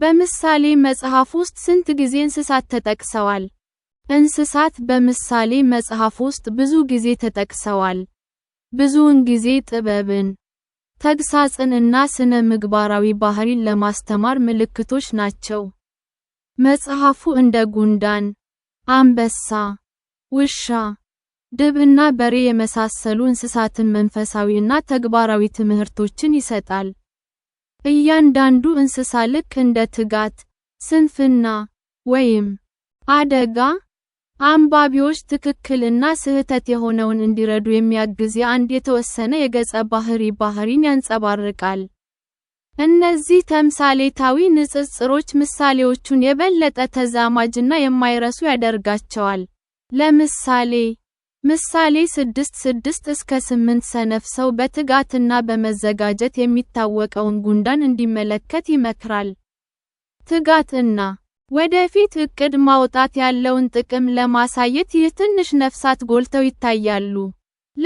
በምሳሌ መጽሐፍ ውስጥ ስንት ጊዜ እንስሳት ተጠቅሰዋል? እንስሳት በምሳሌ መጽሐፍ ውስጥ ብዙ ጊዜ ተጠቅሰዋል። ብዙውን ጊዜ ጥበብን፣ ተግሳጽንና ስነ ምግባራዊ ባህሪን ለማስተማር ምልክቶች ናቸው። መጽሐፉ እንደ ጉንዳን፣ አንበሳ፣ ውሻ፣ ድብ እና በሬ የመሳሰሉ እንስሳትን መንፈሳዊ እና ተግባራዊ ትምህርቶችን ይሰጣል። እያንዳንዱ እንስሳ ልክ እንደ ትጋት፣ ስንፍና ወይም አደጋ አንባቢዎች ትክክልና ስህተት የሆነውን እንዲረዱ የሚያግዝ የአንድ የተወሰነ የገጸ ባህሪ ባህሪን ያንጸባርቃል። እነዚህ ተምሳሌታዊ ንጽጽሮች ምሳሌዎቹን የበለጠ ተዛማጅና የማይረሱ ያደርጋቸዋል። ለምሳሌ ምሳሌ 6:6 እስከ 8 ሰነፍ ሰው በትጋትና በመዘጋጀት የሚታወቀውን ጉንዳን እንዲመለከት ይመክራል። ትጋትና ወደፊት እቅድ ማውጣት ያለውን ጥቅም ለማሳየት ይህ ትንሽ ነፍሳት ጎልተው ይታያሉ።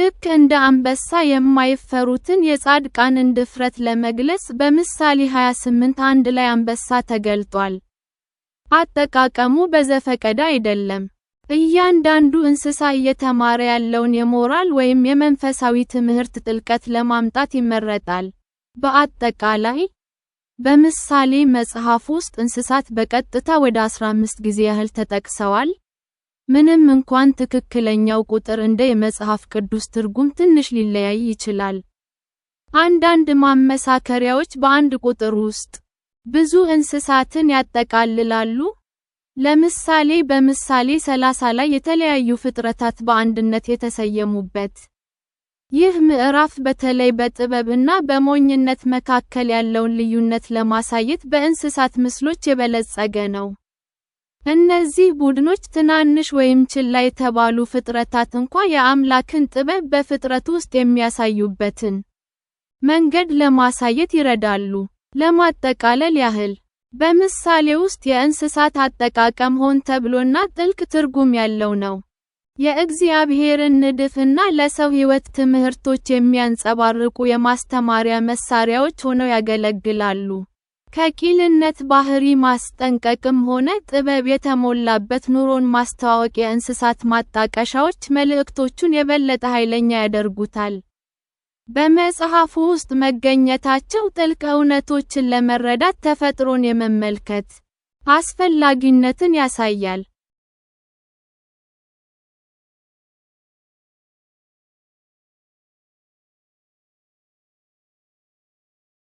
ልክ እንደ አንበሳ የማይፈሩትን የጻድቃንን ድፍረት ለመግለጽ በምሳሌ 28 28:1 ላይ አንበሳ ተገልጧል። አጠቃቀሙ በዘፈቀደ አይደለም። እያንዳንዱ እንስሳ እየተማረ ያለውን የሞራል ወይም የመንፈሳዊ ትምህርት ጥልቀት ለማምጣት ይመረጣል። በአጠቃላይ፣ በምሳሌ መጽሐፍ ውስጥ እንስሳት በቀጥታ ወደ 15 ጊዜ ያህል ተጠቅሰዋል። ምንም እንኳን ትክክለኛው ቁጥር እንደ የመጽሐፍ ቅዱስ ትርጉም ትንሽ ሊለያይ ይችላል። አንዳንድ ማመሳከሪያዎች በአንድ ቁጥር ውስጥ ብዙ እንስሳትን ያጠቃልላሉ። ለምሳሌ በምሳሌ 30 ላይ የተለያዩ ፍጥረታት በአንድነት የተሰየሙበት። ይህ ምዕራፍ በተለይ በጥበብና በሞኝነት መካከል ያለውን ልዩነት ለማሳየት በእንስሳት ምስሎች የበለጸገ ነው። እነዚህ ቡድኖች ትናንሽ ወይም ችላ የተባሉ ፍጥረታት እንኳ የአምላክን ጥበብ በፍጥረት ውስጥ የሚያሳዩበትን መንገድ ለማሳየት ይረዳሉ። ለማጠቃለል ያህል፣ በምሳሌ ውስጥ የእንስሳት አጠቃቀም ሆን ተብሎና ጥልቅ ትርጉም ያለው ነው። የእግዚአብሔርን ንድፍና ለሰው ሕይወት ትምህርቶች የሚያንጸባርቁ የማስተማሪያ መሳሪያዎች ሆነው ያገለግላሉ። ከቂልነት ባህሪ ማስጠንቀቅም ሆነ ጥበብ የተሞላበት ኑሮን ማስተዋወቅ የእንስሳት ማጣቀሻዎች መልእክቶቹን የበለጠ ኃይለኛ ያደርጉታል። በመጽሐፉ ውስጥ መገኘታቸው ጥልቅ እውነቶችን ለመረዳት ተፈጥሮን የመመልከት አስፈላጊነትን ያሳያል።